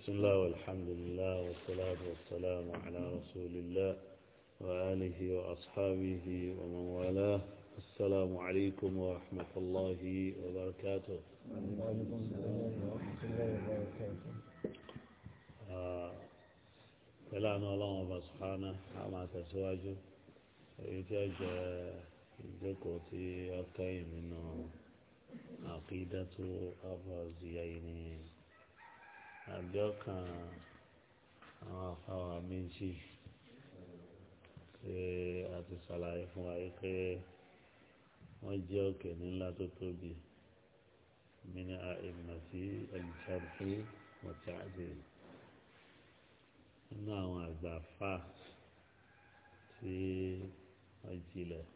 بسم الله والحمد لله والصلاة والسلام على رسول الله وآله وأصحابه ومن والاه السلام عليكم ورحمة الله وبركاته وعليكم السلام ورحمة الله وبركاته كلام الله سبحانه عما تسواجه إنتاج الجكوتي أكاين منه عقيدة أبرزيين àbí ọkàn àwọn afáwọn méjì ṣe àti ṣàlàyé fún wa pé wọ́n jẹ́ òkè nílá tó tóbi mini àìmọ̀tí ẹ̀jẹ̀fú mọ̀tàdé nínú àwọn àgbàfà tí wọ́n jilẹ̀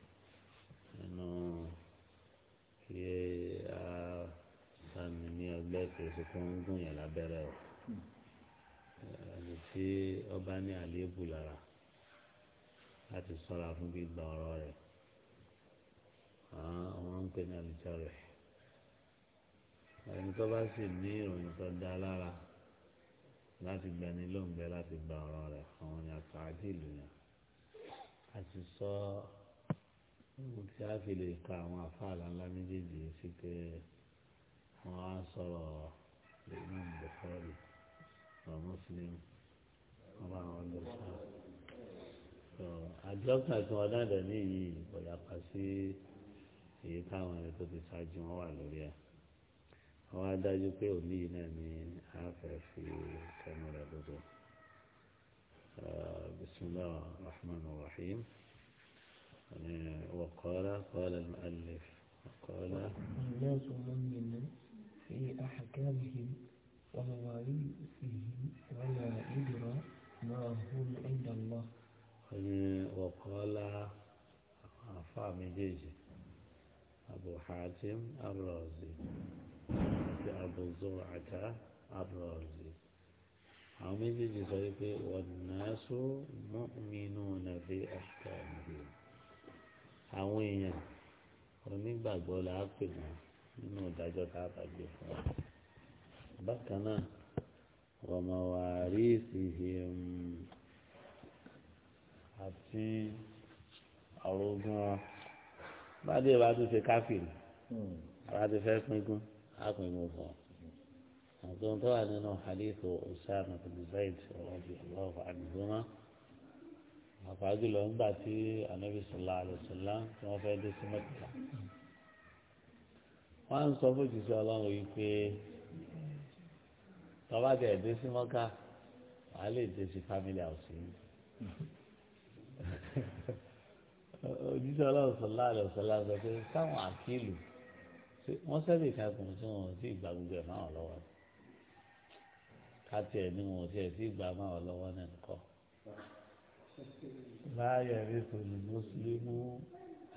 nínú kí a sàmì ní ọgbẹ́ kìí ṣe kó ń gùn yẹn lábẹ́rẹ́ o ẹni tí ọba ní àléébù lára láti sọ́ra fún gbígba ọ̀rọ̀ rẹ̀ àwọn ń pè ní àlùjọ rẹ̀ ẹni tó bá sì ní ìròyìn tó dá lára láti gbani lóńgbẹ láti gba ọ̀rọ̀ rẹ̀ àwọn ni àtàdé ìlú yẹn a ti sọ ohun tí a fi lè ka àwọn àfáàlà ńlá méjèèjì sí pé wọ́n á sọ̀rọ̀ lè ìgbẹ́fọ́ rẹ̀. ومسلم ومعه النساء àdúrókàn tí wọn dáadáa ní yìí kò yàtọ̀ sí èyí táwọn ẹni tó ti ṣáájú wọn wà lórí ẹ wọn á dájú e وقال قال المؤلف وقال الناس مؤمن في أحكامهم ومواريثه ولا يدرى ما هم عند الله وقال أفهم جيجي أبو حاتم الرازي أبو زرعة الرازي àwọn méjèèjì sọ wípé wọnàásù mọ́mínú nàbí àṣìkàmì àwọn èèyàn onígbàgbọ́ làá pè wọ́n nínú ìdájọ́ tá a bá gbé fún wọn bákan náà ومواريثهم àti àwọn ogun wa bá dé bá tún ṣe káfíìn hmm. bá ti fẹ́ pínkún ápínkún fún ọ àtúntò tó wà nínú hadithu Usama bin Zaid radiyallahu anhuma àpájú lọ nígbà tí anabi sallallahu alaihi wasallam tí wọ́n fẹ́ dé sí Mẹ́kà wọ́n á ń sọ fún jùsọ̀ ọlọ́run yìí pé tọ́ba tẹ̀ ẹ̀ dé sí mọ́ká wàá lè dé sí family house yìí oníṣẹ́ ọlọ́run sọ̀lá rẹ̀ sọ̀lá sọ pé káwọn àkìlù wọ́n sẹ́lẹ̀ kan kùn tí wọn ò tí ì gba gbogbo ẹ̀ máwọn lọ́wọ́ ni káti ẹ̀ ní wọn ò tí ẹ̀ tí ì gba máwọn lọ́wọ́ náà nìkọ́. láàyè rí tòlù mùsùlùmù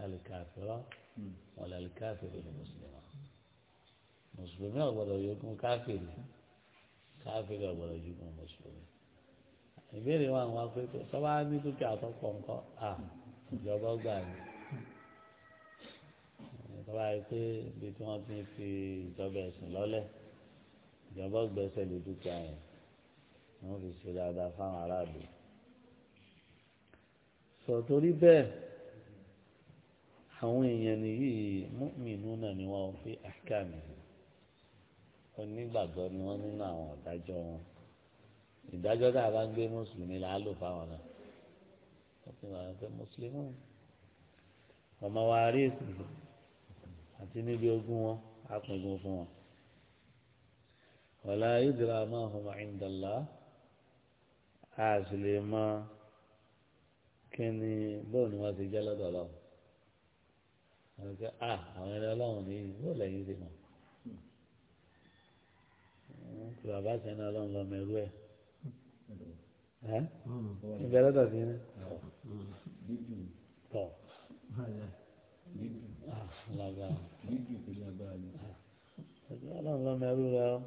àlìkàfẹ́rọ́ wọn làlìkàfẹ́rọ́ ni mùsùlùmù mùsùlùmí ọ̀gbọ́dọ̀ yókùn káfíìrì káfíìrì ọ̀gbọ̀dọ̀ ju mọ́ mùsùlùmí. ìbéèrè wa wá pé sọ́wọ́ á ní dúkìá tó pọ̀ ńkọ́ à ìjọba gbà ní. sọ́wọ́ á rí pé ibi tí wọ́n ti ń fi ìjọba ẹ̀sìn lọ́lẹ̀ ìjọba gbẹ́sẹ̀ lé dúkìá yẹn wọ́n fi ṣe dáadáa fáwọn aráàlú. sọ̀tòrí bẹ́ẹ̀ àwọn èèyàn nìyí mọ́mìnú náà ni wọ́n fi àkàmì hàn onígbàgbọ́ ni wọ́n nínú àwọn ìdájọ́ wọn ìdájọ́ tá a bá ń gbé mùsùlùmí là á lò fáwọn náà wọ́n fi hàn pé mùsùlùmí ọmọ wa rí ìsìnkú àti níbi ogún wọn á pinnu fún wọn. wàlá ìdìrà máa hàn máa ń dàlá a sì lè mọ kí ni bóun ni wọ́n ti jẹ́ lọ́dọ̀ ọlọ́run. Ah, àwọn ẹni ọlọ́run ní bóun lẹ́yìn ti mọ̀ tí bàbá sẹ́ni ọlọ́run lọ mẹ́rú ẹ̀ ìbẹ̀ hmm. hmm. lọ́dọ̀ sí ní. Hmm. tọ́ ah, ah, ọlọ́run lọ mẹ́rú rẹ̀ ọ́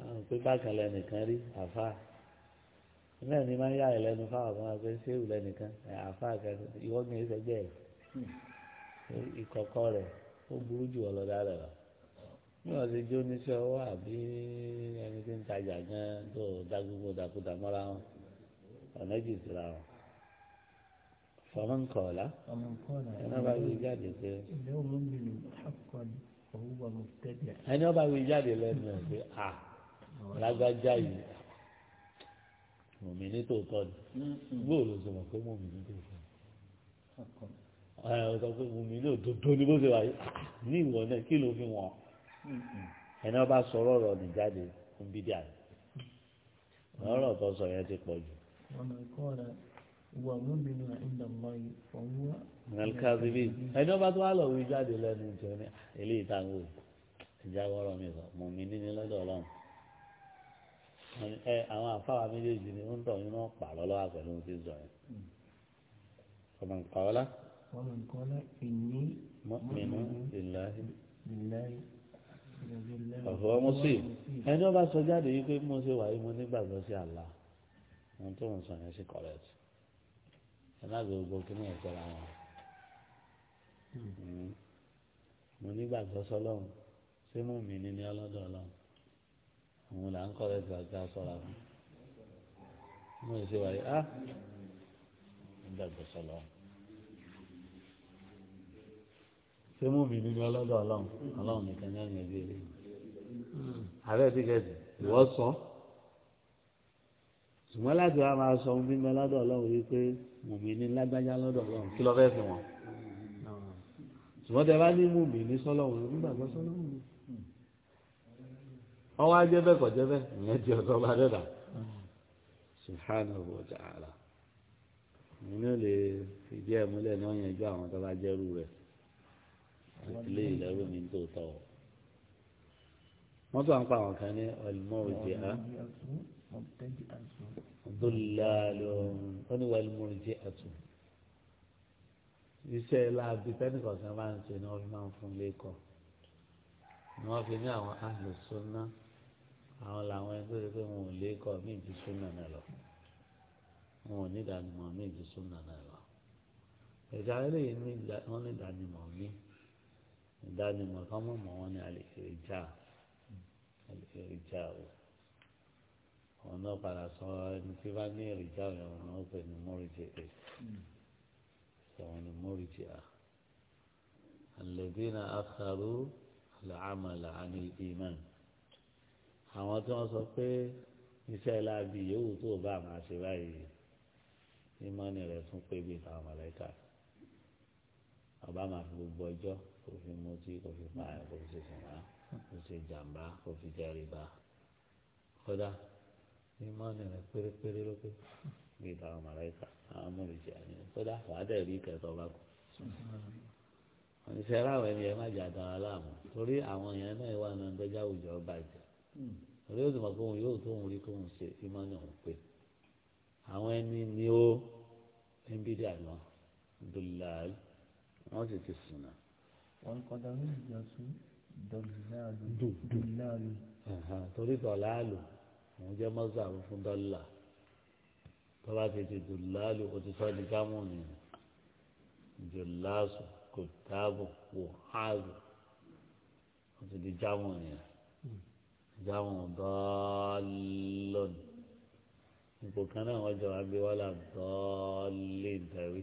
àwọn pé bákan lẹ́nìkan rí àfa náà ni máa ń yá ìlẹ́nu fáwọn kan pé ṣéwù lẹ́nìkan àfa kẹsàn ìwọ́gbìn ìṣẹ́jẹ́ ìkọ̀kọ̀ rẹ̀ ó burú jù ọ lọ dáadáa lọ bí wọ́n ti jó oníṣẹ́ ọwọ́ àbí ẹni tí ń tajà gan tó dá gbogbo dàkúdà mọ́ra wọn ọ̀nà jù síra wọn. fọmọ́nkọ̀ọ́lá ẹni ọba wí jáde pé ẹni ọba wí jáde lẹ́nu ẹ̀ pé à lágbájá yìí mòmìnì tó tọ́ ni gbóòlù mm-hmm. sọ ma pé mòmìnì tó tọ́ ni ọ̀sán pé mòmìnì òdodo ni bó ṣe wà yìí ní ìwọ náà kí ló fi wọ̀n ẹni ọba sọ̀rọ̀ ọ̀rọ̀ ní jáde fún bídíà ni ọ̀rọ̀ tó sọ yẹn ti pọ̀ jù. nàlkàzìbí ẹni ọba tó wà lọ wí jáde lẹ́nu ìjọ ní ah, eléyìí tá ń wò ìjà wọ́rọ̀ mi sọ mọ̀ mí níní lọ́dọ̀ ọlọ́run àwọn àfáwà méjèèjì ni ó ń tọ̀ yín náà pààrọ̀ lọ́wọ́ pẹ̀lú ohun tí ń sọ yẹn ọmọ nǹkan ọlá ọmọ nǹkan ọlá ìní mọ́mìnú ìlàhí àfọwọ́mú sí ẹni ọba sọ jáde yìí pé mo ṣe wàyí mo nígbàgbọ́ sí àlá ohun tó ń sọ yẹn sí correct ẹ má gbé gbogbo kí ni ẹ tẹ́ra wọn hmm. mo nígbàgbọ́ sọlọ́run ṣé mú mi ní ní ọlọ́dọ̀ ọlọ́run òun là ń correct àti àsọ̀rọ̀ fún mo ṣe wàyí á ah! nígbàgbọ́ sọlọ́run. ṣé mú mi nínú ọlọ́dọ̀ ọlọ́run ọlọ́run nìkan ní ọ̀yàn ìdí rẹ̀ ààrẹ ti kẹsì ìwọ sọ ṣùgbọ́n láti wá máa sọ ohun mímọ́ lọ́dọ̀ ọlọ́run wípé mú mi ní lágbájá lọ́dọ̀ ọlọ́run kí lọ́ fẹ́ fi wọn ṣùgbọ́n tẹ bá ní mú mi ní sọ́lọ́run nígbàgbọ́ sọ́lọ́run mi ọwọ́ ajẹ́ bẹ́ẹ̀ kọ̀ jẹ́ bẹ́ẹ̀ ìyẹn ti ọ̀dọ́ bá dẹ́dà subhanahu wa ta'ala nínú lè fìdí ẹ̀ múlẹ̀ ní ọ̀yànjú àwọn tó bá jẹ́rú rẹ̀ ilé ìlẹ́rù mi tó tọ̀ ọ́. wọ́n tún à ń pa àwọn kan ní ọ̀lùmọ́ òjì á. dùlàlù ó ní wàlùmọ́ òjì àtù. iṣẹ́ láabi tẹ́nìkan kan máa ń ṣe ni wọ́n fi máa ń fún lẹ́kọ̀ọ́. ni wọ́n fi ní àwọn àlùsùn náà àwọn làwọn ẹni tó ṣe pé wọn ò lè mí ju súnà náà lọ wọn ò ní ìdánimọ̀ mí ju súnà náà lọ ẹ̀ka eléyìí wọn ní ìdánimọ̀ mí ìdánimọ̀ kan mọ̀ mọ́ wọn ní àlìfèrèjà àlìfèrèjà o àwọn náà padà sọ ẹni tí bá ní èrèjà rẹ̀ wọn náà pè ní mọ́rìjì rẹ̀ sọ̀rọ̀ ní mọ́rìjì à alladhina akharu al-amala an al-iman àwọn tí wọ́n sọ pé iṣẹ́ láabi yòówù tó bá máa ṣe báyìí ìmọ̀ni rẹ̀ tún pé bíi tàwọn mọ̀lẹ́kà ọba máa fi gbogbo ọjọ́ kò fi mutí kò fi pààyàn kò fi ṣe sàrà kò ṣe jàǹbá kò fi jẹrìbá kódà ìmọ̀ọ́nì rẹ̀ pérépéré ló pé bíi táwọn màláìka àwọn mọ̀lùjẹ́ àní kódà fàádẹ́ rí kẹtọ́ bá kú. ìṣe aláwọ̀ ẹni ẹ má jà dára láàmú torí àwọn èèyàn náà wà náà dọ́jà àwùjọ bàjẹ́ torí ó sì mọ̀ pé òun yóò tó òun rí kó ṣe ìmọ̀ọ́nì pé àwọn ẹni ni ó ń bí dàgbọ́n dùlàlì wọ́n sì ti sùn náà torí dọ̀láàlù òun jẹ́ mọ́sàrú fún dọ́là tọ́ba ti ti dọ̀láàlù o ti sọ ní gámù nìyẹn jùlásù kòtáàbù wòhálù o ti di jámù nìyẹn jámù dọ́ọ̀lọ́nù ipò kan náà wọ́n jọ wá gbé wọ́lá dọ́ọ̀lì tẹ̀wé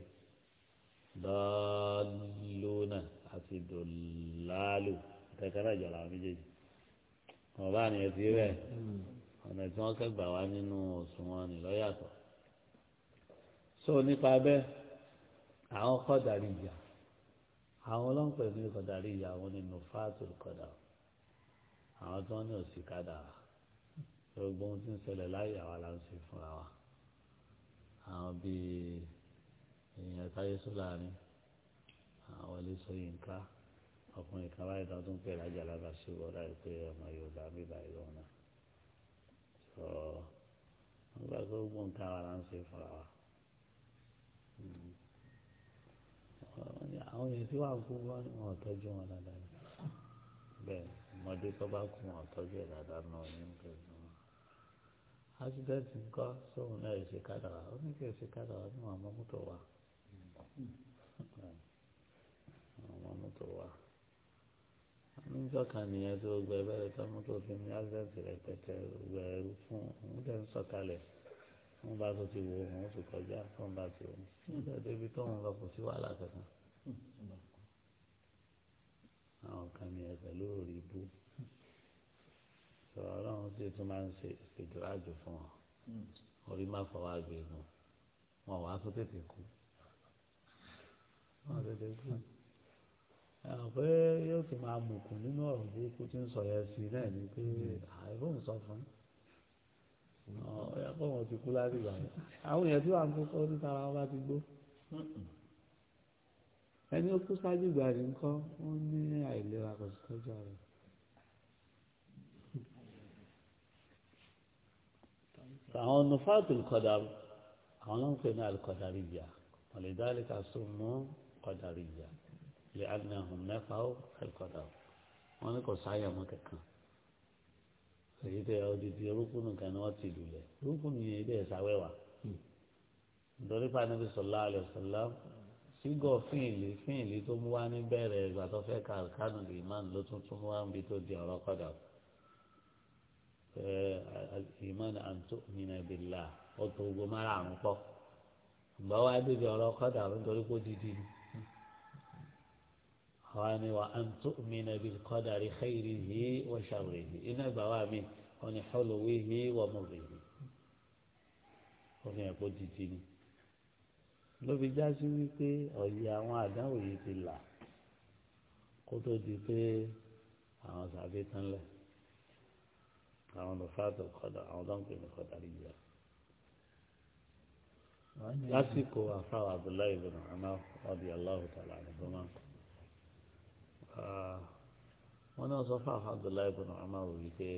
dọ́ọ̀lù náà àti dòláàlù tẹkẹrẹ ìjọ làwọn méjèèjì wọn bá nìyẹn ti rẹ ọ̀nà tí wọ́n kẹ́gbà wá nínú òṣùwọ̀n ni lọ́yàtọ̀ so nípa bẹ́ẹ̀ àwọn kọ́dàrí ìjà àwọn ọlọ́pàá ní kọ́dàrí ìjà àwọn nínú fáàtì kọ́dà àwọn tí wọ́n ní òsì kádà gbogbo ohun tí ń ṣẹlẹ̀ láyé àwa la ń ṣe fúnra wa àwọn bíi èèyàn táyé sólà ni. Wálé Ṣóyínká ọkùnrin kan báyìí tó tún pè lájà lábà sí wọ́dà yìí pé ọmọ Yorùbá bíbá yìí lòun náà sọ wọ́n gbà pé gbogbo nǹkan wa là ń ṣe fúnra wa àwọn èèyàn tí wàá kú wọn ni wọn ò tọ́jú wọn dáadáa bẹ́ẹ̀ ọmọdé tó bá kú wọn ò tọ́jú dáadáa náà ní nǹkan ìgbìmọ̀ accident nǹkan sóhun náà èsì kádàrà ó ní kí èsì kádàrà ní wọn àmọ́ mọ́tò wa mọ́tò wá níjọ́ kan nìyẹn tó gbẹ bẹ́ẹ̀ tó mọ́tò fi ní ásẹ́ǹtì rẹpẹtẹ gbẹ ẹrú fún òun tẹ̀ ń sọ̀kalẹ̀ wọn bá tó ti wò ó wọn sì kọjá tó ń bá ti wò ó nígbà débi tó ń lọ kò sí wàhálà kankan àwọn kan nìyẹn pẹ̀lú òrì ibú sọ̀rọ̀ ọlọ́run sì tún máa ń ṣe ìdúrájò fún wọn orí má fọwọ́ àgbẹ̀ wọn wàá tó tètè kú wọn tètè kú ẹ̀hàn pé yóò ti máa mùkùn nínú ọ̀rọ̀ burúkú tí ń sọ yẹn sí náà ni pé àìfóhùn sọ fún ọ̀yà fóhùn ti kú láti gbà yẹn àwọn èèyàn tí wàá ń kókó ní tara wọn bá ti gbó ẹni ó kú sáájú ìgbà rẹ̀ ńkọ́ wọ́n ní àìlera kò sí tọ́jú rẹ̀. àwọn nufaatu kọdàrú àwọn náà ń pè ní alikọdàríyà wọn lè dá àlìkà sún mọ́ lè agnahum mẹ́fà ó ẹ̀kọ́dà ó wọ́n ní kò sáyà mọ́ kankan èyí tẹ odidi orúkúnù kan ni wọ́n ti lulẹ̀ orúkúnù yẹn ilé ìsáwẹ́wà hmm. nítorí pa níbi sọlá alẹ́ sọlá sígọ̀ fíìlì fíìlì tó mú wá ní bẹ̀rẹ̀ ìgbà tó fẹ́ ka kánù lè má ló tún tún wá níbi tó di ọ̀rọ̀ kọ́dà ó ìmán àǹtó nínú ẹbí là ó tó pọ̀ ìgbà wá débi ọ̀rọ̀ kọ́dà nítorí pé ó ni. وأن تُؤْمِنَ بِالْقَدَرِ بالقدر خيره وشره إن بوامي وأن حلوه ومره وأن يقول تجيني ló fi já sí wípé ọ̀yẹ́ àwọn àdáwò yìí ti là kó tó di pé àwọn sàbí tán lẹ̀ àwọn lọ́fàtò kọ́dà àwọn dọ́ǹpẹ̀ ní kọ́dà rí lásìkò àfáà Abdullahi ibn Umar radiyallahu ta'ala anhuma. Ah, wọ́n náà sọ fún àwọn Abdullahi ibùdó ọmọọ̀rọ̀ wípé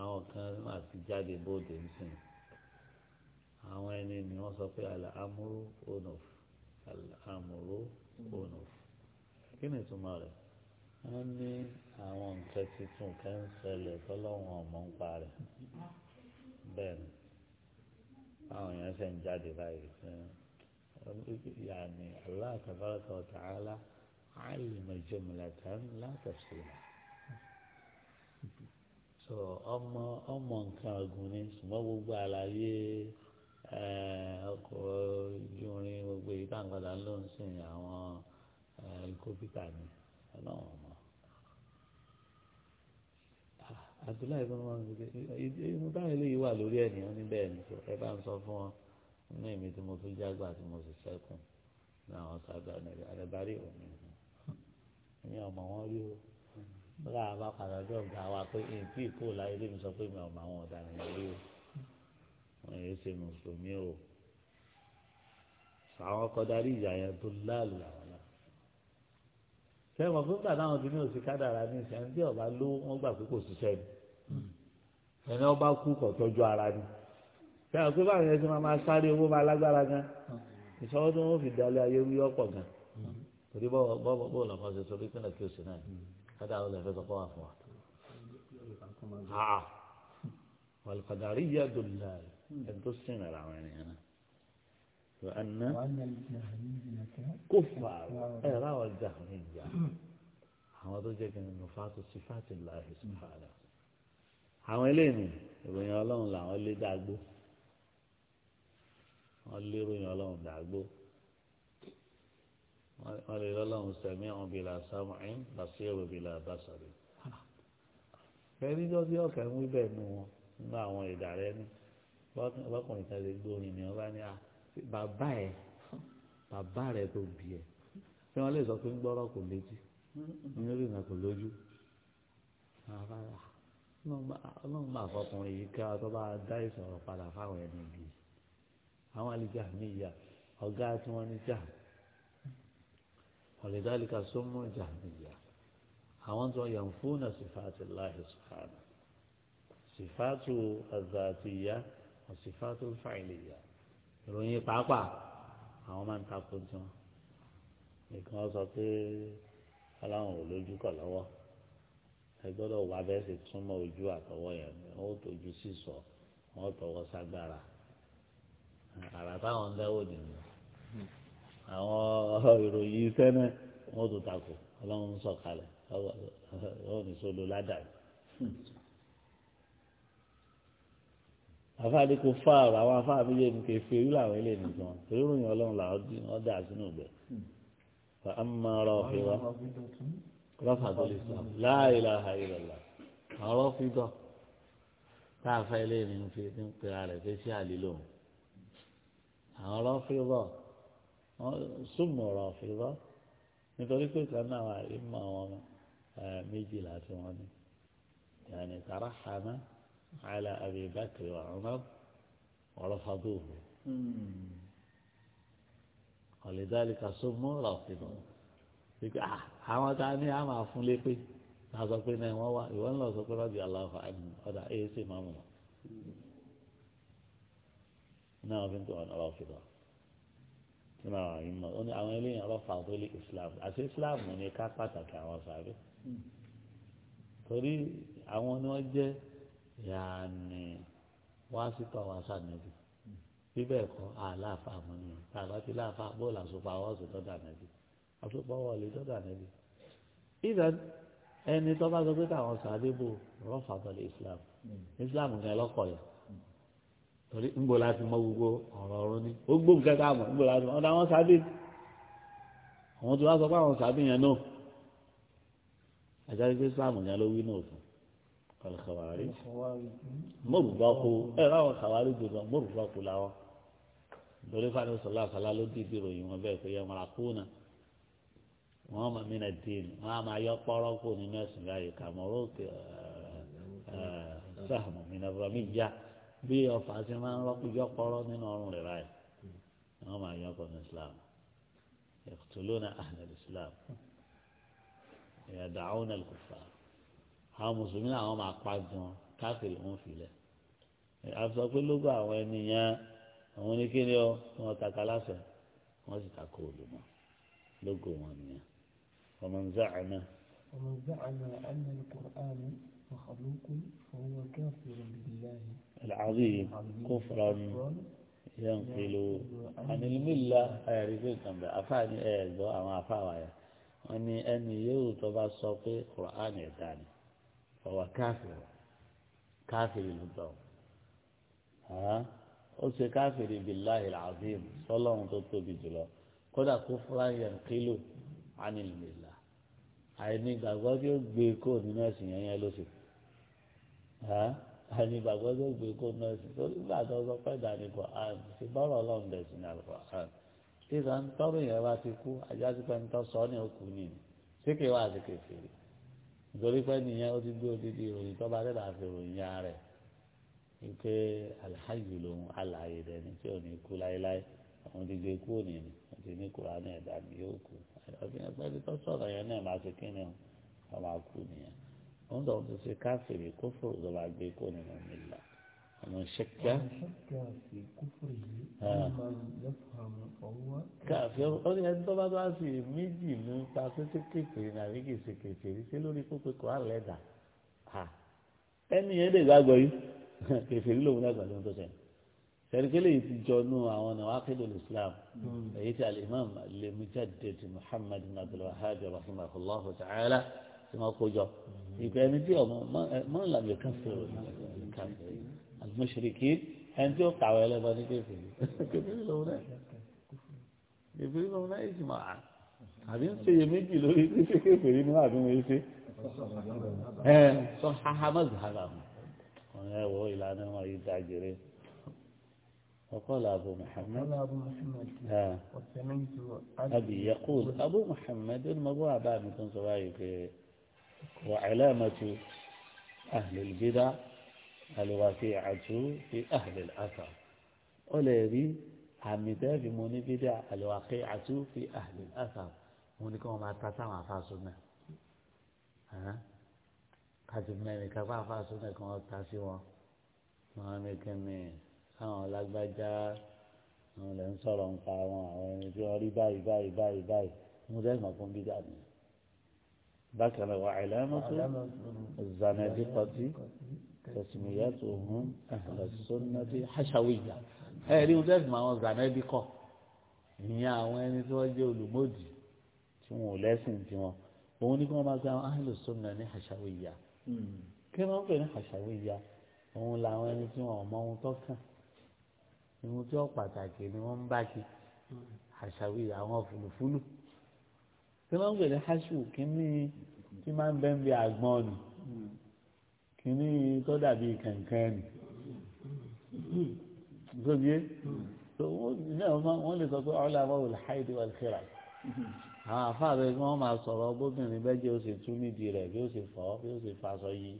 àwọn kan máa ti jáde bóde nísìn àwọn ẹni ni wọ́n sọ pé al-amru onof al-amru onof kí ni ìtumọ̀ rẹ̀ wọ́n ní àwọn nǹkan tuntun kan ń ṣẹlẹ̀ tọ́lọ́wọ́n ọmọ ń pa rẹ̀ bẹ́ẹ̀ ni àwọn èèyàn ṣe ń jáde báyìí yàní Allah tabaraka wa ta'ala. علم جملة لا تفصيلها so ọmọ ọmọ nǹkan ọ̀gùn ni ṣùgbọ́n gbogbo àlàyé eh, ọkọ̀ ojú irin gbogbo èyí tá à ń padà ń lò ń sìn àwọn eh, kọ́pítà ni ọlọ́run ọmọ. àdúrà ìbọn wọn inú táwọn eléyìí wà lórí ènìyàn níbẹ̀ ni ẹ bá ń sọ fún wọn nínú èmi tí mo tún jágbà tí mo sì sẹ́kùn ní àwọn sábà nàìjíríà àdàbárí òun nìyẹn ìyẹn ọmọ wọn rí o bọ́lá àbá padà ọjọ́ ọ̀gá wa pé ètí ìkó láyé lè mi sọ pé mi ọmọ àwọn ọ̀daràn yẹn rí o wọn yẹn ṣe mùsùlùmí o àwọn kọdarí ìyá yẹn tó láàlú àwọn náà sẹ́wọ̀n fún gbà táwọn ti ní òsì kádàrà ní ìsẹ́yìn tí ọba ló wọ́n gbà pé kò ṣiṣẹ́ ni ẹni ọba kú kọ̀ tọ́jú ara ni sẹ́wọ̀n pé báwọn yẹn ti máa sáré owó máa lágbára gan ìṣọwọ́ tí wọ́n fi dalẹ̀ ayé wí ọ̀pọ̀ gan torí bọ́ọ̀ bọ́ọ̀ bọ́ọ̀ lọ́mọ ṣe sọ pípínlẹ̀ kí o sì náà hmm. kádà ó lè fẹ́ sọ́kọ́ wà fún wa. wàlùkàdàrí yá dòlà ẹni sìn rẹ̀ àwọn ènìyàn náà. وأن كفار إرى والجهمية àwọn tó jẹ́ kìnnìún nufatu sifati lahi subhanahu àwọn eléyìí ìròyìn ọlọ́run làwọn lé dàgbò wọ́n lé ìròyìn ọlọ́run dàgbò wọ́n lè lọ́lọ́run sẹ̀mí ọ̀hún bìlà sámúín bàṣírò bìlà bàṣàrí. ẹni tó bí ọ̀kẹ́ ń wí bẹ́ẹ̀ nu wọn nínú àwọn ìdá rẹ ní lọ́kùnrin kan lè gbórin ni wọ́n bá ní bàbá ẹ̀ bàbá rẹ̀ tó bì ẹ̀ tí wọ́n lè sọ pé ń gbọ́rọ̀ kò létí nítorí ìrìnà kò lójú. ọlọ́run máa fọkùnrin yìí ká tó bá dá ìsọ̀rọ̀ padà fáwọn ẹni bì àwọn àlejò àmì ìyá ọ̀gá tí wọ́n ní jáà ولذلك سموا جهمية àwọn tó yàn fún náà sifáàtì láàyè sùfàánù sifáàtù àzàtìyà wọn sifáàtù fàìlìyà ìròyìn pàápàá àwọn máa ń takò tí wọn nìkan sọ pé aláwọn ò lójú kọ lọ́wọ́ ẹ gbọ́dọ̀ wà bẹ́ẹ̀ sì túmọ̀ ojú àtọwọ́ yẹn wọn ò tójú sísọ wọn ò tọwọ́ ságbára àrà táwọn ń dáwọ́ nìyẹn àwọn ìròyìn iṣẹ́ náà wọ́n tún takò ọlọ́run ń sọ̀kalẹ̀ ọ̀hún ìṣòlò ládàá. afáàdé kò fá ọ̀rọ̀ àwọn afáà méjèèjì kò fi irú àwọn ilé nìkan torí ròyìn ọlọ́run làwọn wọ́n dà sínú ìgbẹ́. àmọ́ ọ̀rọ̀ òfin wa rọ́fà tó lè sọ láàyè láàyè lọ́la ọ̀rọ̀ tá a fẹ́ ilé ní pe ara rẹ̀ fẹ́ sí àlè lòun àwọn ọ̀rọ̀ wọ́n súnmọ̀ ọ̀rọ̀ àfihàn nítorí pé kan náà àìmọ̀ àwọn méjìlá tí wọ́n ní yàní tarahama ala Abi Bakr wa Umar ورفضوه ولذلك سموا رافضا àwọn tá a ní a máa fún lépè tá a sọ pé náà wọ́n wá ìwọ ńlọ sọ pé rọ́bì aláwọ̀ àìní ọ̀dà èyí máa mú náà wọ́n fi ń tó ọ̀nà ọ̀rọ̀ nínú àwọn àyìnbó ó ní àwọn eléyìí ọlọ́fà tó lé islam àti islam ní ká pàtàkì àwọn sàbẹ̀ hmm. torí àwọn ni wọ́n jẹ́ yàní wọ́n á sì tọ́ àwọn sànẹ́bí hmm. bíbẹ̀ kọ́ àláàfà àwọn ènìyàn tààlà tí láàfà bóòlù àsopọ̀ àwọn ọ̀sẹ̀ tọ́jà nẹ́bí àsopọ̀ wọlé tọ́jà nẹ́bí. ìdá ẹni tó bá sọ pé káwọn sàdébò rọ́fà tọ́lé islam hmm. islam ní ẹlọ́kọ̀ yẹn torí ńgbò láti mọ gbogbo ọ̀rọ̀ ọ̀run ni ó gbó nǹkan ká mọ̀ ńgbò láti mọ ọ̀dà àwọn sábì àwọn tí wọ́n sọ pé àwọn sábì yẹn náà àjáde pé Islam yẹn ló wí náà fún alkhawari mọ̀rùbáko ẹ̀ láwọn khawari jùlọ mọ̀rùbáko làwọn lórí fani sọlá sọlá ló dìde ròyìn wọn bẹ́ẹ̀ pé yẹn wọn àkóónà wọn máa mí na dín wọn máa yọ kpọ́rọ́ kó nínú ẹ̀sìn báyìí kàmọ́rọ́ sàmù bí ọfà ṣe máa ń rọ́pìjọ́ pọ́rọ́ nínú ọrùn rẹ̀ báyìí wọ́n máa yọ ọkọ̀ ní islam yaqtuluna ahlal islam yad'una al-kuffar àwọn mùsùlùmí náà wọ́n máa pa gan káfíìrì wọn filẹ̀ àfisọ pé lógo àwọn ẹni àwọn oníkéde ọ wọn taka lásẹ wọn sì takò olùmọ lógo wọn nìyẹn ọmọ nzàcánà. ومن زعم أن القرآن مخلوق فهو كافر بالله العظيم كفرا ينقل عن الملة أعرفين كم أفاني أعرفوا ما أفاوايا أني أني يو تبا صوفي قرآن يتاني فهو كافر كافر المدعو ها أوسي كافر بالله العظيم صلى الله عليه وسلم كذا كفرا ينقل عن الملة àìní gbàgbọ́ tí ó gbé kó nínú ẹ̀sìn àní bàbá tó gbé kó nọ́ọ̀sì torí gbà tó sọ pé ìdánilkọ àn ti bọ́rọ̀ ọlọ́run dẹ̀ sí ní àlùkò àn tí ìdá ń tọ́rọ̀ yẹn bá ti kú ajá sí pé ń tọ́ sọ ní òkú ni sí kì í wá àti kèfèrè nítorí pé nìyẹn ó ti gbé odidi ìròyìn tó bá dẹ́dà fi ròyìn ya rẹ̀ wípé alhaji lòun alààyè rẹ̀ ni tí ò ní kú láéláé àwọn ti gbé kú òní ni wọ́n ti ní kúránì ẹ̀dá mi yóò kú ọ̀gbìn ẹgbẹ́ tó sọ̀rọ̀ yẹn náà wọ́n sọ ti ṣe káfíìrì kófòrò tó bá gbé kó nínú ìlà ọmọ ṣẹkẹ. káfíìrì ó ní ẹni tó bá bá sì méjì mú pa pété kékeré nàbí kìsì kékeré sí lórí pópé kò á lẹ́dà ẹni yẹn lè gbàgbọ́ yìí kékeré lòun náà gbàgbọ́ tó sẹ́yìn sẹ́ríkẹ́lẹ́ yìí ti jọnu àwọn nàwákìlú islam hmm. èyí tí alimam lèmi jáde ti muhammad bin abdulwahab rahimahullah ta'ala ti máa kó jọ. Hmm. يبقى يعني نجيهم ما ما لم يكفروا المشركين هنجيهم تعويلة بني كيفين كيفين كيفين لونا إجماعا عارفين سيمجي لو يكفي كيفين ما عارفين يكفي صحح مذهبهم وهو إلى أن ما يتعجرين وقال أبو محمد قال أبو محمد ها أبي يقول أبو محمد الموضوع بعد من تنصبائي وعلامة أهل البدع الوافعة في أهل الأثر أولئك àmìtẹ́ fi mu ní bídà àlùwàkí àti fi àhìlì àṣà mo ní kí wọ́n máa ta sáwọn afáàsùn náà káàtì mẹ́rin kápá afáàsùn náà kí wọ́n ta sí wọn wọ́n ní kí ni sáwọn lágbájá àwọn lè ń sọ̀rọ̀ nípa àwọn àwọn ẹni tí wọ́n rí báyìí báyìí báyìí báyìí mo dẹ́gbọ̀n fún bídà nìyẹn. بكر وعلامة الزنادقة تسميتهم أهل السنة حشوية هذه ودرس مع الزنادقة ìyẹn àwọn ẹni tí wọ́n jẹ́ olùmọ̀dì tí wọn ò lẹ́sìn tí wọn òun ni kí wọ́n máa gbé àwọn ahlu sunna ní hàṣàwìyà hmm. kí wọ́n pè ní hàṣàwìyà òun làwọn ẹni tí wọn ò mọ ohun tó kàn ohun tí wọ́n pàtàkì ni wọ́n ń bá kí hàṣàwìyà hmm. àwọn fùlùfùlù kí wọ́n pè ní hàṣù kí ní tí máa ń bẹ́ ń bi àgbọn nì hmm. kínní tó dàbí kẹ̀kẹ́ nì sóbi yé hmm. wọ́n lè sọ pé ọ̀la wọ́n lè háìdì wà lẹ́kẹ̀rà àwọn afáàbẹ̀ kí wọ́n máa sọ̀rọ̀ bóbìnrin bẹ́jẹ́ ó sì tú nídìí rẹ̀ bí ó sì fọ́ bí ó sì fasọ yìí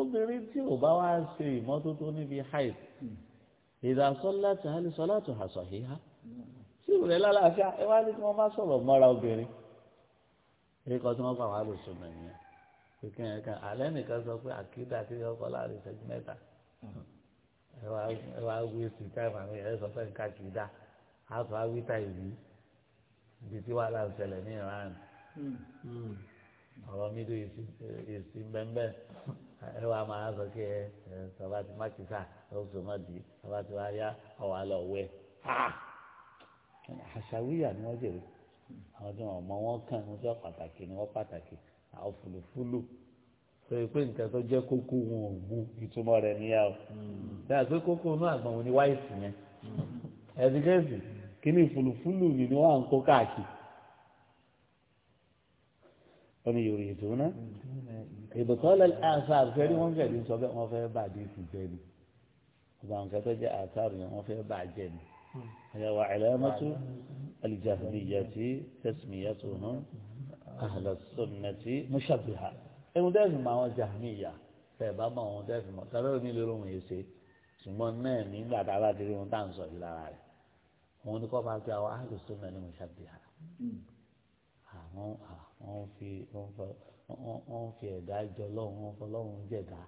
obìnrin tí ò bá wá ṣe ìmọ́tótó níbi haid ìdásọ́lá hmm. tí a lè sọ láti hàṣọ híhá sí ìrẹ̀lá láàfíà ẹ wá ní kí wọ́n má sọ̀rọ̀ mọ́ra obìnrin èyí kan tí wọ́n pa wàhálà oṣù náà nìyẹn kékeré yẹn kan alẹ́ nìkan sọ pé àkídà tí yọ kọ́ láàrin ìṣẹ́jú mẹ́ta ẹ wá wí sí táìmù àmì ẹ sọ fẹ́ẹ́ ká àkídà á sọ á wí táì wí ibi tí wàhálà ń ṣẹlẹ̀ ní Iran ọ̀rọ̀ mi dùn èsì ẹ wá máa sọ kí ẹ sọba ti má kìsà oṣù má di sọba ti wá yá ọ̀wá lọ wẹ̀ àṣàwíyà ni wọ́n jèrè àwọn tí wọn mọ wọn kàn wọn tí wọn pàtàkì ni wọn pàtàkì àwọn fùlùfùlù sọ pé nǹkan tó jẹ́ kókó wọn ò mú ìtumọ̀ rẹ̀ níyà o dáa pé kókó náà àgbọn wọn ni wáìsì yẹn hmm. ẹ̀dígẹ́sì kíní fùlùfùlù ni wọ́n à ń kó káàkiri wọ́n ní yorùbá ètò náà ìbùkọ́lẹ̀ àṣà àfẹ́rí wọ́n fẹ́ẹ́ sọ bẹ́ẹ̀ wọ́n fẹ́ẹ́ bàjẹ́ ìfìjẹ́ ni ọba nǹkan tó jẹ́ àṣà rẹ̀ wọ́n fẹ́ẹ́ bàjẹ́ ni. وعلامة الجهمية تسميتهم أهل السنة مشبهة ẹ̀hún dẹ́sìn máa wọn jàmíyà tẹ̀ bá máa wọn dẹ́sìn máa tẹ̀lé mi lórí òun yìí ṣe ṣùgbọ́n náà nígbà tá a bá ti rí ohun tá à ń sọ yìí lára rẹ̀ òun ni kọ́ máa fi àwọn Ahlu Sunnah ní mùsàbíhà àwọn àwọn fi wọ́n fi ẹ̀dá jọ lọ́hùn wọn fọ lọ́hùn jẹ̀dá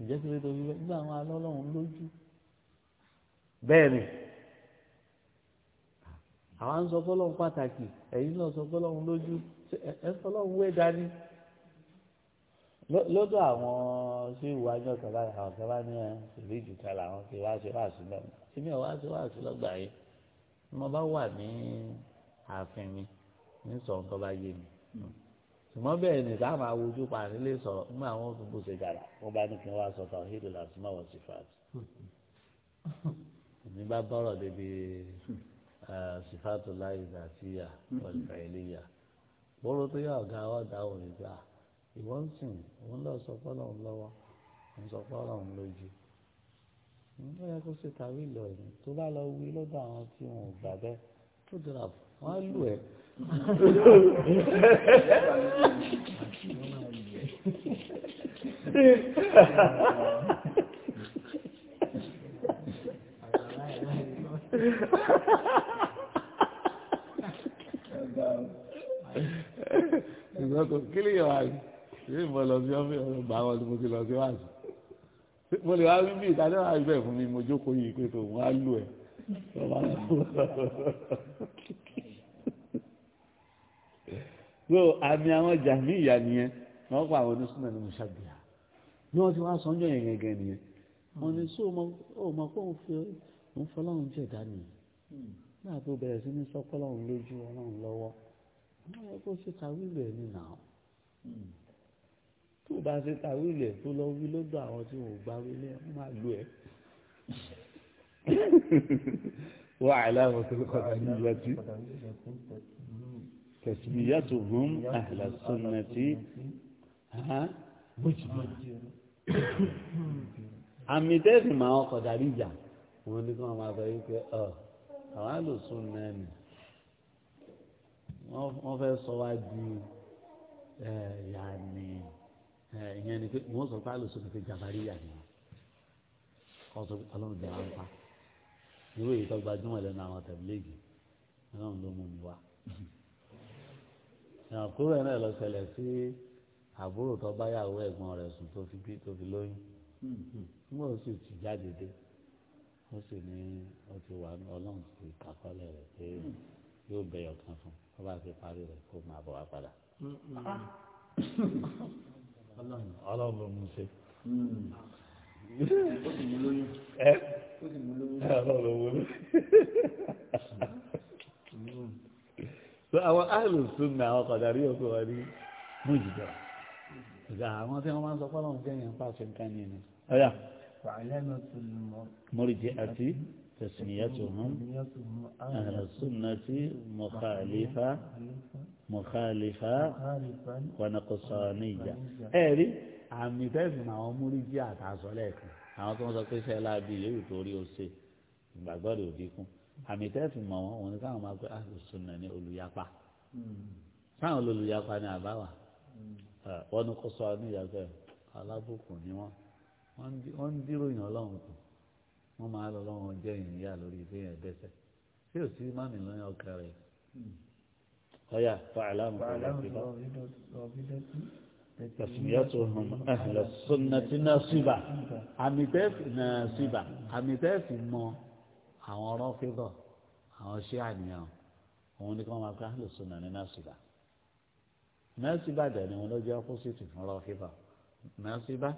ìjẹ́sílẹ̀ tó fi bẹ́ẹ̀ nígbà wọn alọ́ lọ́hùn lójú bẹ́ẹ̀ ni àwọn ń sọ fọlọ́run pàtàkì ẹ̀yin náà sọ fọlọ́run lójú ẹ fọlọ́run wé dání lọ́dọ̀ àwọn sí ìwájú ọ̀kan bá àwọn kan bá ní ìlú ìjùkà làwọn fi wá sí wàásù lọ́mọ èmi ọ̀ wá sí wàásù lọ́gbà yìí ni mo bá wà ní ààfin mi ní sọ̀rọ̀ tó bá yé mi ṣùgbọ́n bẹ́ẹ̀ ni sáà máa wojú pa nílé sọ̀rọ̀ nígbà wọn tún bó ṣe gàrà wọn bá ní kí wọ́n wá sọ tàwíìdì làásùmáwọ̀ sí fàájì. èmi bá bọ́rọ̀ débi sifatu láyé zàtìyà wọlfẹ̀ẹ́lìyà bọ́lá tó yà ọ̀gá wa dáhùn nígbà ìwọ́n ń sìn òun lọ sọ fọ́lọ́ òun lọ́wọ́ òun sọ fọ́lọ́ òun lójú nígbà yẹn kó ṣe tàbí ìlọrin tó bá lọ wí lọ́dọ̀ àwọn tí wọn ò gbà bẹ́ẹ̀ tó dira wọn á lù ẹ́. Ha ha ha! ṣùgbọ́n kò kí lè yọ̀ wá yìí ṣé ìmọ̀ lọ sí ọ́fíì ọ̀rọ̀ bá wọn ni mo ti lọ sí wáàsí. mo lè wá bíbí ìtàdé wà bẹ́ẹ̀ fún mi mo jókòó yìí pé tòun á lù ẹ̀ so àmì àwọn jàmí ìyá nìyẹn wọn kọ àwọn onísùnà ní musabiya ni wọn ti wá sọjọ yẹn gẹ́gẹ́ nìyẹn wọn ni so o mọ pé òun fi òun fọlọ́run jẹ̀dá nìyẹn náà tó bẹ̀rẹ̀ sí ní sọ́kọ́ lọ́run lójú ọlọ́run lọ́wọ́ àwọn ẹ̀kọ́ ṣe tàwílù ẹ̀ nínú àwọn tó bá ṣe tàwílù ẹ̀ tó lọ wí lọ́dọ̀ àwọn tí wọn ò gbá wí lẹ́ wọ́n máa lo ẹ̀ wọ́n àìláwọ̀ tó lọ́kọ̀ tàbí ìgbà tí kẹsìmíyàtò hùm àhìlàsọ́nà tí àmì tẹ́sí máa ọkọ̀ dàrí wọn ní kí wọ́n máa sọ wípé ọ̀ àwọn àlòsùn náà nì wọ́n fẹ́ sọ wá di yàní ìyẹn ni pé wọ́n sọ pé àlùsọ ni pé jabari yàní ọ̀sọ̀ ọlọ́run jẹ́ wọn pa irú èyí tó gbajúmọ̀ lẹ́nu àwọn tẹ̀bílẹ́gì ọlọ́run ló mú mi wá. ìyàn kúrò ẹ̀ náà lọ ṣẹlẹ̀ sí àbúrò tó bá yàwó ẹ̀gbọ́n rẹ̀ sùn tó fi bí tó fi lóyún nígbà tó sì ti jáde dé ó sì ní ó ti wà ní ọlọ́run ti kàkọ́lẹ̀ rẹ̀ pé yóò bẹyọ kan fún ọ bá ti parí rẹ kó máa bọ̀ wá padà. ọlọ́run ló mú ṣe. ó sì mú lóyún. ẹ ó sì mú lóyún. ọlọ́run ló mú lóyún. àwọn àlùsùn náà àwọn kọ̀dárí ọkọ̀ wa ní mú jìjọ ìgbà àwọn tí wọ́n máa ń sọ fọ́lọ́run kẹ́yìn pàṣẹ nǹkan yẹn ni. ọ̀yà. mọ̀rìjì àti. تسميتهم أهل السنة مخالفة مخالفة ونقصانية أري عمي تفهم عمري جاءت عصاليكم àwọn tó ń sọ pé iṣẹ́ láabi yòówù torí o ṣe ìgbàgbọ́ rẹ̀ òbí kún àmì tẹ́ẹ̀fì mọ̀ wọn òun ni káwọn máa pẹ́ àlùsùn náà ní olùyapa sáwọn olùyapa ni àbáwà hmm. wọn ni kò sọ ní ìyàgbẹ́ alábùkún ni wọn wọn ń díròyìn ọlọ́run kù wọ́n máa lọ lọ́wọ́ jẹ́ ìyá lórí pé yẹn dẹ́sẹ̀ tí ò sí mọ́mì lọ́yìn ọkà rẹ̀ ọ̀yà fàlàmù tẹ̀síyàtò hàn ẹ̀hìnlẹ̀ sunnati nasiba àmìtẹ́fì nasiba àmìtẹ́fì mọ àwọn ọ̀rọ̀ fífọ̀ àwọn ṣé àníyàn òun ni kí wọ́n máa ká lè sunna ní nasiba nasiba dẹ̀ ni wọn ló jẹ́ ọ́pọ́sìtì fún ọ̀rọ̀ fífọ̀ nasiba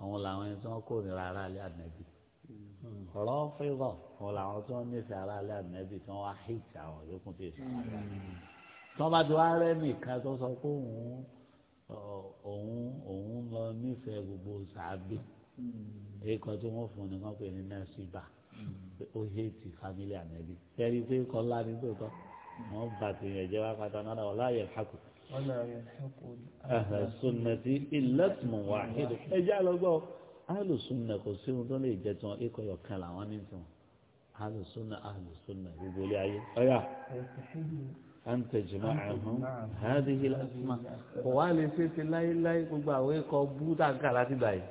àwọn làwọn ẹni tí wọ́n kó nira ara lé àdínẹ́bí rọ́fíìbọ̀ wọn làwọn tí wọ́n nífẹ̀ẹ́ aráàlú ànábì tí wọ́n wá hìtì àwọn yòókù tí èso àgbà tí wọ́n bá ti wá rẹ́ nìkan tó sọ pé òun òun òun lọ nífẹ̀ẹ́ gbogbo sàábì èkó tí wọ́n fún ni wọ́n pè ní nẹ́sìbà ó hìtì fámílì ànábì kẹ́rí pé kọ́lá ní tòótọ́ wọ́n bá ti jẹ́ wá pátá náà wọ́n láàyè kákò. wọ́n láàyè kákò. sunnati ilẹ̀ alùsùnà kò sí ohun tó lè jẹ tí wọn ikọ̀ yọ̀kan làwọn ní tiwọn alùsùnà alùsùnà gbogbo ilé ayé ọ̀yà àǹtẹ̀jìmọ̀ àhún hàdíhì lásìmọ̀ kò wá lè ṣe ti láéláé gbogbo àwọn ikọ̀ bú tàǹkà láti báyìí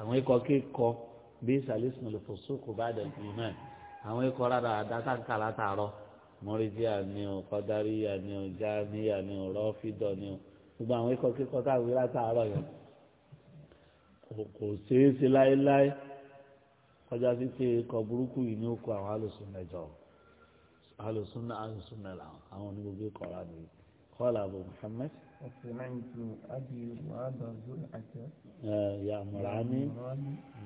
àwọn ikọ̀ kíkọ bíi sàlẹ̀sùn lè fòṣókò bá dẹ̀ ìmọ̀ àwọn ikọ̀ rárá àdá tàǹkà látàárọ̀ mọ́rìdí àní o kọ́dárí àní o jáníyà àní o rọ́fídọ̀ àní o gbogbo àwọn ikọ̀ kíkọ táwọn látàárọ̀ yẹn kò ṣeé ṣe láéláé kọjá sí pé ikọ̀ burúkú yìí ní oko àwọn alùsùnà ìjọ alùsùnà alùsùnà làwọn àwọn onígbogbo ikọ̀ rà nìyí kọ́lá abu muhammed. ọ̀sẹ̀láìtì àbí wàhálà zoro àjẹ. ya murani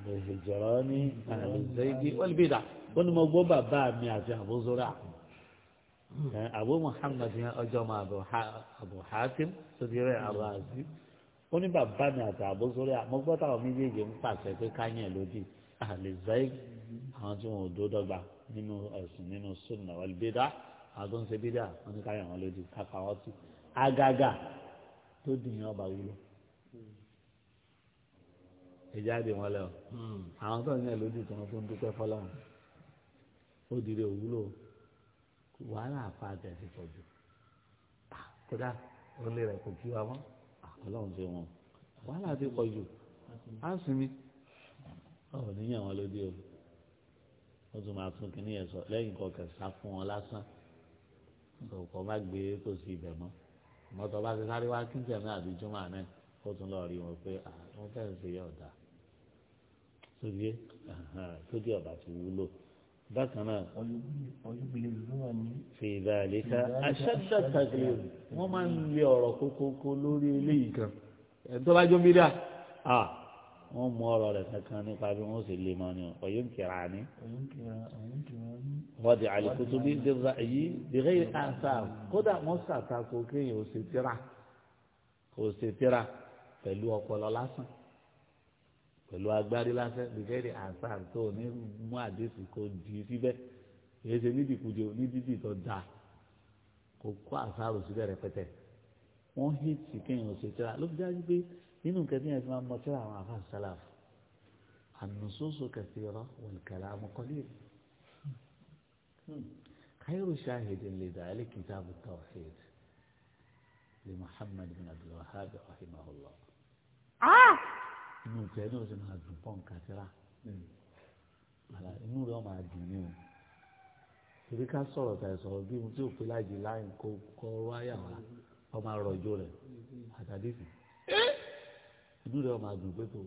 bẹ̀hẹ̀jọ́rọ́ni àlùzẹ́gì wọ́lbìdà ó ní mo gbọ́ bàbá mi àti abu zora abu ọjọ́ mọ́ abu tó di rẹ̀ abu ó ní bàbá mi àti àbó sórí àmọ́gbọ́n táwọn méjèèjì ń pàṣẹ pé káyàn lódì àlèzáì àwọn tí wọn ò dó dọ́gba nínú ẹ̀sùn nínú sunna wal bídà àwọn tó ń ṣe bídà wọn ní káyàn wọn lódì kàkà wọn ti àgàgà tó dìyàn ọba wúlò ìjáde wọn lẹ o hmm. àwọn tó ń yàn lódì tí wọn tó ń dúpẹ́ fọlọ́run ó dìde òwúlò wàhálà àfa àtẹ̀sí pọ̀ jù ah, kódà ó lè rẹ̀ kò kí wa mọ́ ọlọ́run fi wọn wàhálà ti pọ̀ jù á sinmi ọ̀rọ̀ níyàn wọn lóde o wọ́n tún máa tún kínní yẹn sọ lẹ́yìn kọkàn sá fún wọn lásán kọ̀ má gbé tòsí ibẹ̀ mọ́ mọ́tò bá ti sáré wá kíntẹ̀ náà àbí jùmọ̀ náà ó tún lọ́ọ́ rí wọn pé àwọn fẹ́ẹ́ ń ṣe yọ̀ọ̀dà sóbi sóbi ọ̀bà ti wúlò bákan náà fìdálíkà aṣáájú àtàkìlẹ wọn máa ń lé ọ̀rọ̀ kókókó lórí eléyìí kan ẹ̀tọ́ bá jó ń bí dá a wọn mú ọ̀rọ̀ rẹ̀ kankan nípa bí wọn sì lè mọ ni ọ yóò kira ni wọn di alikutu bí dèrè yìí dèrè yìí àṣà kódà wọn ṣàtàkùn kéèyàn ò sì tira kò sì tira pẹ̀lú ọpọlọ lásán pẹ̀lú agbárí lásán bíkẹ́rì hasan tó ní mú àdéhùn kò di síbẹ̀ èyí ṣe ní dìkudì ní dídì tó da kò kó àṣàrò síbẹ̀ rẹpẹtẹ wọ́n hí tì kéèyàn ṣe tíra ló fi dájú pé nínú nǹkan tí yẹn fi máa mọ tíra àwọn afa sálàfù ànùsóso kẹsìrọ wọlùkẹlẹ àmọkọlẹ káyọrọ ṣáhìdì lè dà ẹ lè kìtàbù tawhid lè muhammad bin abdulwahab rahimahullah. Ah! inú tiẹ̀ náà sì máa dùn pọ̀ nǹkan síra hmm. inú rẹ̀ máa dùn ní o torí ká sọ̀rọ̀ tàì sọ̀rọ̀ bí mo tí ò pé láàyè láì kó kọ́ wáyà wa ọmọ àrọ̀jọ rẹ̀ àtàdéfì inú rẹ̀ máa dùn pé tó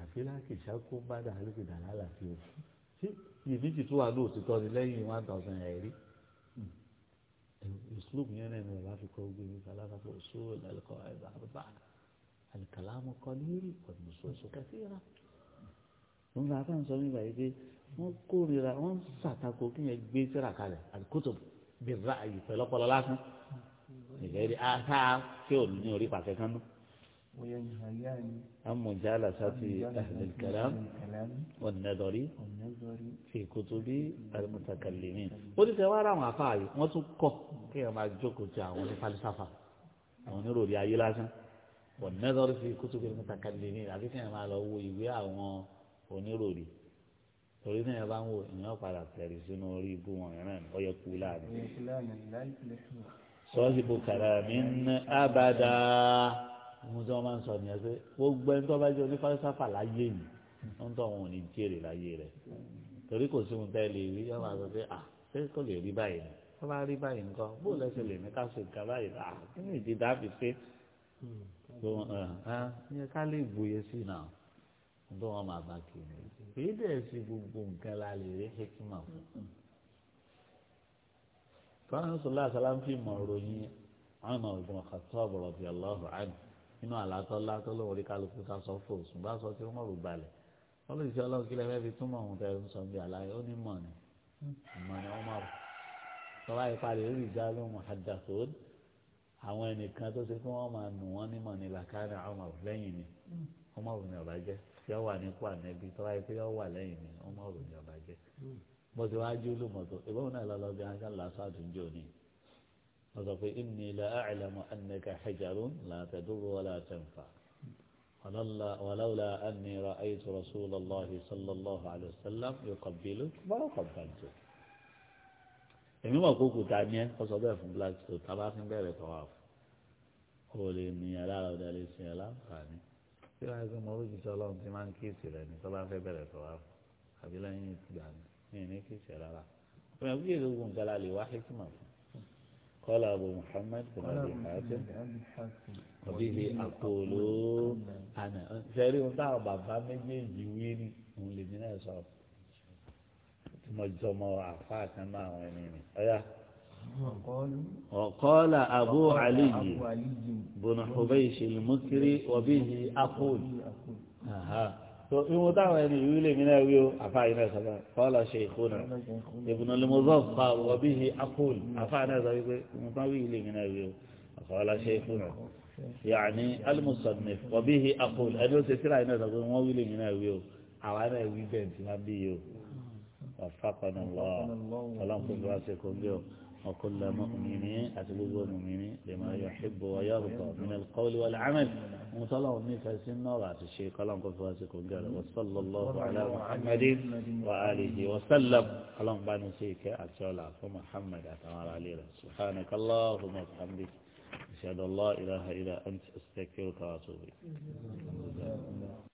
àfihàn kìsà kó bá dà lókè dàrá láti o ṣé ìbíjì tó wà lóòótọ́ ni lẹ́yìn one thousand ẹ̀rí hmm. ìṣlùmí yẹn náà ni wọ́n bá fi kọ́ gbé mi kálá káfọ́ sóòlù ẹ̀kọ́ ẹ̀dá àbúrò báyìí. الكلام قليل والنصوص كثيرة wọ́n bá fẹ́ sọ nígbà yìí pé wọ́n kórìíra wọ́n ṣàtakò kí yẹn gbé síra kalẹ̀ al-kutub bìrà yìí pẹ̀lú ọpọlọ lásán ìgbẹ́rì ata tí ò ní orí pàṣẹ kan nú. amúnjálà sátì al-kalam wan-nadari fi kutubi al-mutakallimin. ó ti sẹ́ wá ra àwọn afáàyè wọ́n tún kọ̀ kí yẹn máa jókòó ti àwọn onífàlísàfà àwọn oníròrí ayé lásán wọ́n nẹ́tọ́rọ́ fi kutubil mutakallimin àbí kí ẹ̀ máa lọ wo ìwé àwọn oníròrí torí náà ẹ bá ń wò ìyẹn padà tẹ̀rí sínú orí ibú wọn náà ó yẹ kú láàrin. sọ́ọ́sì bò kàrà mí ní abàdà ohun tí wọ́n máa ń sọ nìyẹn pé gbogbo ẹni tó bá jẹ́ onífàlẹ́sàfà láyé yìí wọ́n tó àwọn òní jèrè láyé rẹ̀ torí kò sí ohun tẹ́ lè rí yọ́n máa sọ pé à ah, ṣé kò lè rí báyìí ni wọ́n bá rí báyìí nǹkan bó lẹ́sẹ̀ lè ní ká ṣe nǹkan báyìí à ah, kí ni ìdí dáàbì ṣe pé wọn ẹ ẹ ká lè gboyè sí náà nígbà wọn máa bá kiri èyí dẹ̀ sí gbogbo nǹkan la lè rí hekima fún. fúnra sọlá sàlám fi mọ̀ ròyìn ọ̀nà ìbùn Khattab radiyallahu anhu nínú àlátọ́lá tó lóun rí kálukú ká sọ fún òsùn bá sọ tí wọ́n mọ̀rù balẹ̀ wọ́n lè ṣe ọlọ́run kílẹ̀ fẹ́ fi túmọ̀ ohun tẹ́ ń sọ bí aláyé ó ní mọ̀ ni mọ̀ ni wọ́n mọ̀ tọ́lá ìparí rí ìjà lóhùn àdàtòdì àwọn ẹnìkan tó ṣe kí wọ́n máa nù wọ́n nímọ̀ ní làkàrà ọmọ lẹ́yìn ni ọmọ hmm. òun ni ọba jẹ́ tí ó wà nípò ànẹ́bí tó wáyé pé ó wà lẹ́yìn ni ọmọ òun ni ọba jẹ́ bó hmm. ti wáá jí olùmọ̀tò ìbọn náà lọ lọ́ọ́ bí wọ́n ṣe làásán àtúnjẹ òní wọ́n sọ pé inni la a'lamu annaka hajarun la tadurru wa ولولا أني رأيت رسول الله صلى الله عليه وسلم يقبلك ما قبلتك èmi mọ̀ kó kùtà ní ẹ kó sọ bẹ́ẹ̀ fún black stone tá a bá fi ń bẹ̀rẹ̀ tọ́wà fún o lè ní alára ọ̀dà lè sin aláǹfààní tí wọ́n á gbé mọ́rú jíjọ́ ọlọ́run ti máa ń kíìsì rẹ̀ ní tó bá fẹ́ bẹ̀rẹ̀ tọ́wà fún àbí lẹ́yìn ìgbà ní ní kíìsì rárá fún ẹ̀ bíyẹn gbogbo nǹkan lè wá hikima fún kọ́lá abu muhammad bin abi hatim òbí bi àkóòló àná ṣẹ́rí ohun táwọn bàbá méjèèjì wí ni òun lè ní náà sọ̀rọ̀ mọ̀jọ́mọ́ àfa kan náà àwọn ẹni mi. ọ̀yà. وقال أبو علي بن حبيش المكري وبه أقول أها tó ìwọ̀n táwọn ẹni ìwé lè mìíràn wí o àfáàyè náà sọ́kà kọ́lá ṣe ìkónà ìbùnà lèmọ́zọ́fà wọ̀bí hi akóòlù àfáàyè náà sọ́kà pé ìwọ̀n táwọn ìwé lè mìíràn wí o kọ́lá ṣe ìkónà yàní alimusannif wọ̀bí hi akóòlù ẹni ó ṣe tíra iná náà wí وفقنا الله اللهم كن براسكم به وكل مؤمن أتبوه مؤمن لما يحب ويرضى من القول والعمل وصلى ونفع سنة وعس الشيء اللهم كن براسكم به وصلى الله على محمد وآله وسلم اللهم بانو سيك أتشال عفو محمد سبحانك اللهم وبحمدك أشهد الله إله إلا أنت أستغفرك وأتوب